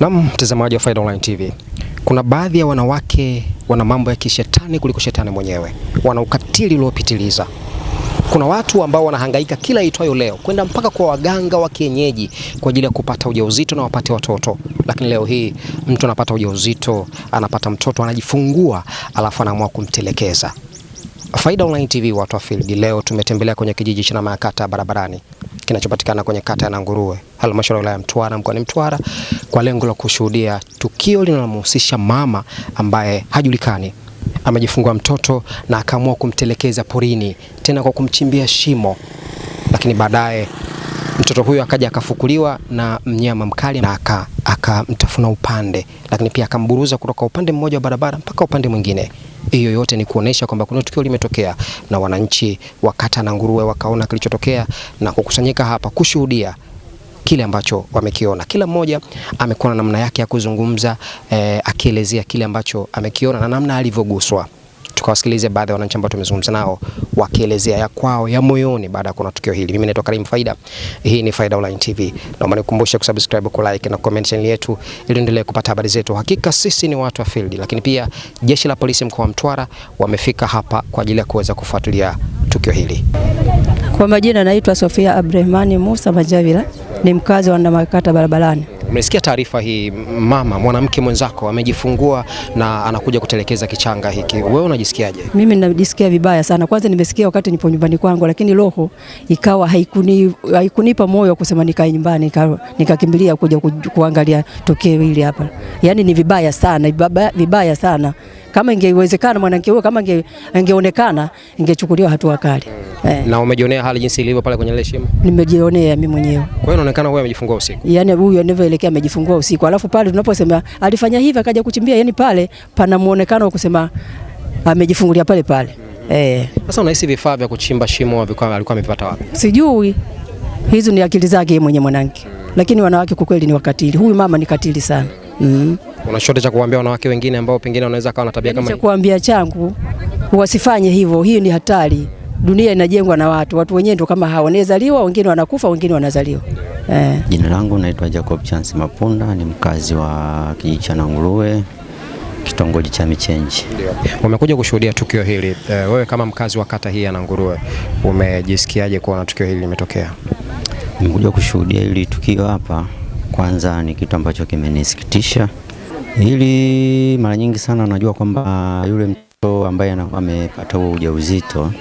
Na mtazamaji wa Faida Online TV, kuna baadhi ya wanawake wana mambo ya kishetani kuliko shetani mwenyewe, wana ukatili uliopitiliza. Kuna watu ambao wanahangaika kila itwayo leo kwenda mpaka kwa waganga wa kienyeji kwa ajili ya kupata ujauzito na wapate watoto, lakini leo hii mtu anapata ujauzito, anapata mtoto, anajifungua, alafu anaamua kumtelekeza. Faida Online TV, watu wa field, leo tumetembelea kwenye kijiji cha Namakata barabarani kinachopatikana kwenye kata ya Nanguruwe, halmashauri ya wilaya ya Mtwara, mkoani Mtwara, kwa lengo la kushuhudia tukio linalomhusisha mama ambaye hajulikani amejifungua mtoto na akaamua kumtelekeza porini, tena kwa kumchimbia shimo, lakini baadaye mtoto huyo akaja akafukuliwa na mnyama mkali na akamtafuna upande, lakini pia akamburuza kutoka upande mmoja wa barabara mpaka upande mwingine hiyo yote ni kuonesha kwamba kuna tukio limetokea na wananchi wa kata Nanguruwe wakaona kilichotokea na kukusanyika hapa kushuhudia kile ambacho wamekiona. Kila mmoja amekuwa na namna yake ya kuzungumza eh, akielezea kile ambacho amekiona na namna alivyoguswa tukawasikilize baadhi ya wananchi ambao tumezungumza nao wakielezea ya kwao ya moyoni baada ya kuona tukio hili. Mimi naitwa Karim Faida, hii ni Faida Online TV. Naomba nikukumbushe kusubscribe, ku like na comment channel yetu ili endelee kupata habari zetu. Hakika sisi ni watu wa field, lakini pia jeshi la polisi mkoa wa Mtwara wamefika hapa kwa ajili ya kuweza kufuatilia tukio hili. Kwa majina naitwa Sofia Abrahamani Musa Majavila, ni mkazi wa Ndamakata barabarani. Umesikia taarifa hii, mama mwanamke mwenzako amejifungua na anakuja kutelekeza kichanga hiki, wewe unajisikiaje? Mimi najisikia vibaya sana. Kwanza nimesikia wakati nipo nyumbani kwangu, lakini roho ikawa haikuni, haikunipa moyo kusema nikae nyumbani, nikakimbilia kuja ku, kuangalia tokeo hili hapa. Yaani ni vibaya sana, vibaya sana. Kama ingewezekana mwanamke huyo, kama ingeonekana, ingechukuliwa hatua kali. Mm. Eh. Na umejionea hali jinsi ilivyo pale kwenye ile shimo? Nimejionea mimi mwenyewe. Kwa hiyo inaonekana huyo amejifungua usiku. yani huyu anavyoelekea amejifungua usiku. Alafu pale tunaposema alifanya hivi akaja kuchimbia, yani pale pana muonekano wa kusema amejifungulia pale pale. Mm-hmm. Eh. Sasa unahisi vifaa vya kuchimba shimo alikuwa amepata wapi? Sijui. Hizo ni akili zake mwenye mwanamke. Mm. Lakini wanawake kwa kweli ni wakatili. Huyu mama ni katili sana. Mm. Una chochote cha kuambia wanawake wengine ambao pengine wanaweza kawa na tabia yaani kama hiyo? Cha kuambia changu wasifanye hivyo, hii ni hatari. Dunia inajengwa na watu, watu wenyewe ndio kama hao, wanazaliwa wengine wanakufa, wengine wanazaliwa. Eh. Jina langu naitwa Jacob Chance Mapunda, ni mkazi wa kijiji cha Nanguruwe kitongoji cha Michenji. Umekuja kushuhudia tukio hili e, wewe kama mkazi wa kata hii ya Nanguruwe umejisikiaje kuona tukio hili limetokea? Nimekuja kushuhudia hili tukio hapa, kwanza ni kitu ambacho kimenisikitisha Hili mara nyingi sana najua kwamba yule mtoto ambaye anakuwa amepata huo ujauzito,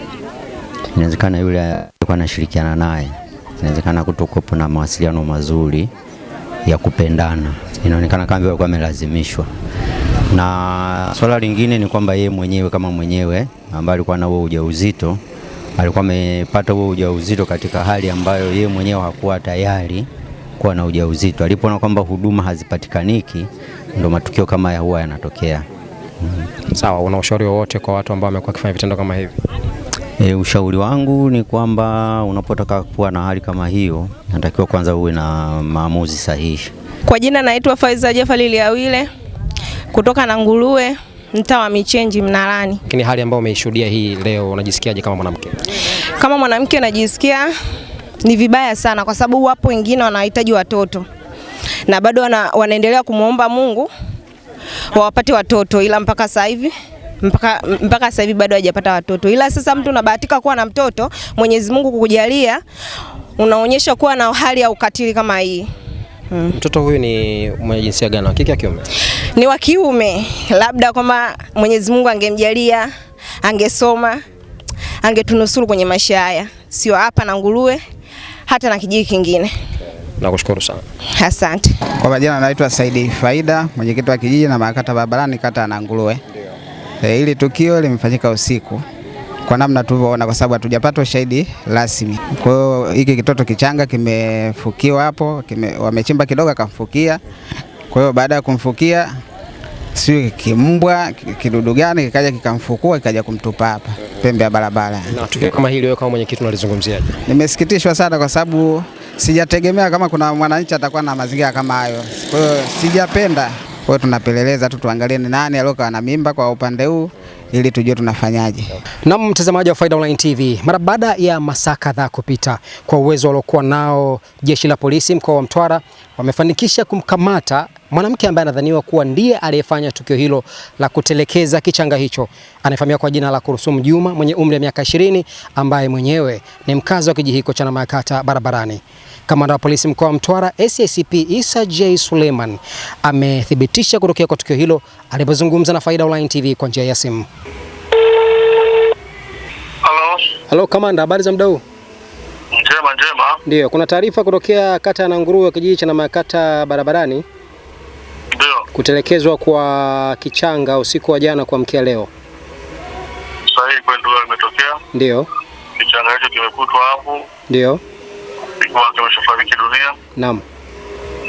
inawezekana yule alikuwa anashirikiana naye, inawezekana kutokuwepo na mawasiliano mazuri ya kupendana, inaonekana kama alikuwa amelazimishwa. Na swala lingine ni kwamba yeye mwenyewe kama mwenyewe ambaye alikuwa na huo ujauzito, alikuwa amepata huo ujauzito katika hali ambayo yeye mwenyewe hakuwa tayari kuwa na ujauzito. Alipoona kwamba huduma hazipatikaniki, ndo matukio kama ya huwa yanatokea. Mm. Sawa, una ushauri wowote kwa watu ambao wamekuwa wakifanya vitendo kama hivi? E, ushauri wangu ni kwamba unapotaka kuwa na hali kama hiyo, natakiwa kwanza uwe na maamuzi sahihi. Kwa jina naitwa Faiza Jafari Liawile kutoka na Nguruwe mtaa wa Michenji Mnalani. Lakini hali ambayo umeishuhudia hii leo unajisikiaje kama mwanamke? Kama mwanamke najisikia ni vibaya sana, kwa sababu wapo wengine wanahitaji watoto na bado wana, wanaendelea kumwomba Mungu wawapate watoto, ila mpaka sasa hivi mpaka, mpaka sasa hivi bado hajapata watoto. Ila sasa mtu unabahatika kuwa na mtoto, Mwenyezi Mungu kukujalia, unaonyesha kuwa na hali ya ukatili kama hii. Hmm. Mtoto huyu ni mwenye jinsia gani, wa kike au kiume? Ni wa kiume, labda kwamba Mwenyezi Mungu angemjalia, angesoma, angetunusuru kwenye maisha haya, sio hapa na nguruwe hata na kijiji kingine. Nakushukuru sana. Asante. Kwa majina naitwa Saidi Faida, mwenyekiti wa kijiji na makata barabarani kata na Nanguruwe. Ndio. E, tukio limefanyika usiku kwa namna tulivyoona, kwa sababu hatujapata ushahidi rasmi. Kwa hiyo hiki kitoto kichanga kimefukiwa hapo kime, wamechimba kidogo akamfukia. Kwa hiyo baada ya kumfukia si kimbwa kidudu gani kikaja kikamfukua kikaja kumtupa hapa pembe ya barabara. Na tukio kama hili wewe kama mwenyekiti unalizungumziaje? Nimesikitishwa sana kwa sababu sijategemea kama kuna mwananchi atakuwa na mazingira kama hayo, kwa hiyo sijapenda. Kwa hiyo tunapeleleza tu tuangalie ni nani aliyokuwa na mimba kwa upande huu ili tujue tunafanyaje. Na mtazamaji wa Faida Online TV, mara baada ya masaa kadhaa kupita, kwa uwezo waliokuwa nao jeshi la polisi mkoa wa Mtwara wamefanikisha kumkamata Mwanamke ambaye anadhaniwa kuwa ndiye aliyefanya tukio hilo la kutelekeza kichanga hicho anayefahamika kwa jina la Kursum Juma mwenye umri wa miaka 20 ambaye mwenyewe ni mkazi wa kijiji hicho cha Namakata Barabarani. Kamanda wa polisi mkoa wa Mtwara SACP Isa J Suleiman amethibitisha kutokea kwa tukio hilo alipozungumza na Faida Online TV kwa njia ya simu. Halo. Halo kamanda, habari za mdau? Njema njema. Ndio, kuna taarifa kutokea kata ya Nanguruu kijiji cha Namakata Barabarani kutelekezwa kwa kichanga usiku wa jana kuamkia leo. Sahihi kweli ndio imetokea. Ndio. Kichanga hicho kimekutwa hapo. Ndio. Kwa kimeshafariki dunia. Naam.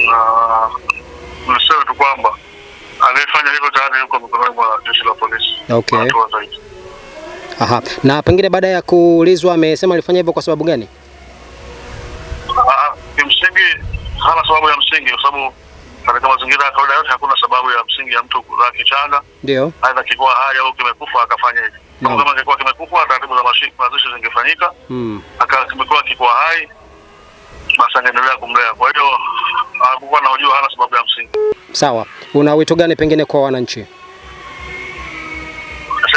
Na niseme tu kwamba anayefanya hivyo tayari yuko mikononi mwa jeshi la polisi. Okay. Aha. Na pengine baada ya kuulizwa amesema alifanya hivyo kwa sababu gani? Ah, ah, kimsingi hana sababu ya msingi kwa sababu katika mazingira ya kawaida yote hakuna sababu ya msingi ya mtu kuzaa kichanga, ndio aidha kikuwa hali au kimekufa akafanya hivi. No. Kama kikuwa kimekufa, taratibu za mazishi zingefanyika. mm. Aka kimekuwa kikuwa hai, basi angeendelea kumlea. Kwa hiyo hakukuwa na ujua, hana sababu ya msingi. Sawa, una wito gani pengine kwa wananchi?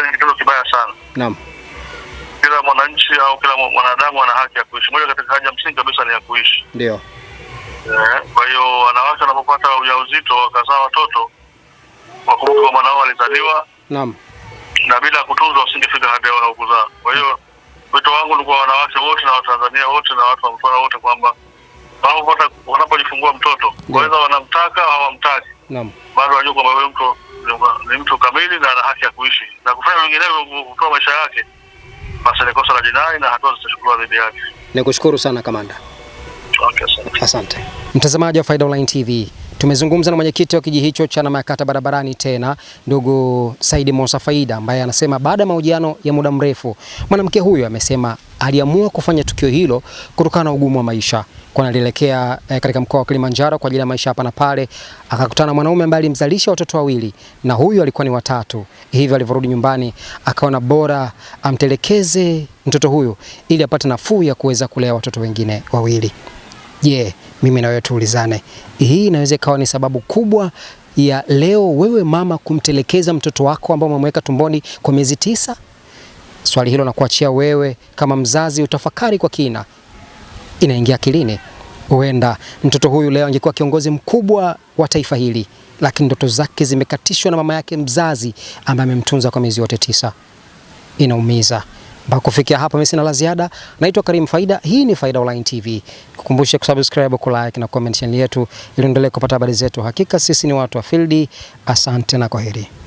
ni kitendo kibaya sana. Naam. Kila mwananchi au kila mwanadamu ana haki ya kuishi. Moja katika haki ya msingi kabisa ni ya kuishi, ndio Eh, kwa hiyo wanawake wanapopata ujauzito wakazaa watoto, wakumbuka mwanao alizaliwa, naam, na bila kutunzwa usingefika hadi hapo haukuzaa. Kwa hiyo wito wangu ni kwa wanawake wote na Watanzania wote na watu wa Mtwara wote kwamba wanapopata wanapojifungua mtoto waweza wanamtaka au hawamtaki, naam, bado wajua kwamba huyo mtu ni mtu kamili na ana haki ya kuishi na kufanya vinginevyo, kutoa maisha yake, basi ni kosa la jinai na hatua zitachukuliwa dhidi yake. Nikushukuru sana kamanda. Okay, asante. Mtazamaji wa Faida Online TV, tumezungumza na mwenyekiti wa kijiji hicho cha Namakata Barabarani tena ndugu Saidi mosa Faida ambaye anasema baada ya mahojiano ya muda mrefu mwanamke huyo amesema aliamua kufanya tukio hilo kutokana na ugumu wa maisha, kwa alielekea eh, katika mkoa wa Kilimanjaro kwa ajili ya maisha hapa na pale, akakutana na mwanaume ambaye alimzalisha watoto wawili na huyu alikuwa ni watatu. Hivyo alivyorudi nyumbani, akaona bora amtelekeze mtoto huyu ili apate nafuu ya kuweza kulea watoto wengine wawili. Je, yeah mimi na wewe tuulizane, hii inaweza ikawa ni sababu kubwa ya leo wewe mama kumtelekeza mtoto wako ambao umemweka tumboni kwa miezi tisa. Swali hilo nakuachia wewe kama mzazi, utafakari kwa kina, inaingia akilini. Huenda mtoto huyu leo angekuwa kiongozi mkubwa wa taifa hili, lakini ndoto zake zimekatishwa na mama yake mzazi ambaye amemtunza kwa miezi yote tisa. Inaumiza. Mpaka kufikia hapa mimi sina la ziada. Naitwa Karim Faida, hii ni Faida Online TV. Kukumbushe kusubscribe, kulike na comment yetu ili endelee kupata habari zetu. Hakika sisi ni watu wa field. Asante na kwaheri.